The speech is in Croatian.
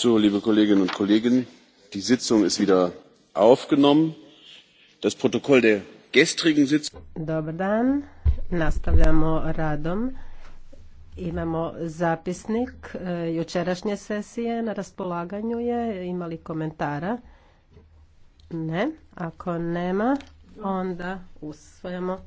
So, liebe Kolleginnen und Kollegen, die Sitzung ist wieder aufgenommen. Das Protokoll der gestrigen Sitzung. Dobar dan. Nastavljamo radom. Imamo zapisnik e, jučerašnje sesije na raspolaganju je. Imali komentara? Ne. Ako nema, onda usvojamo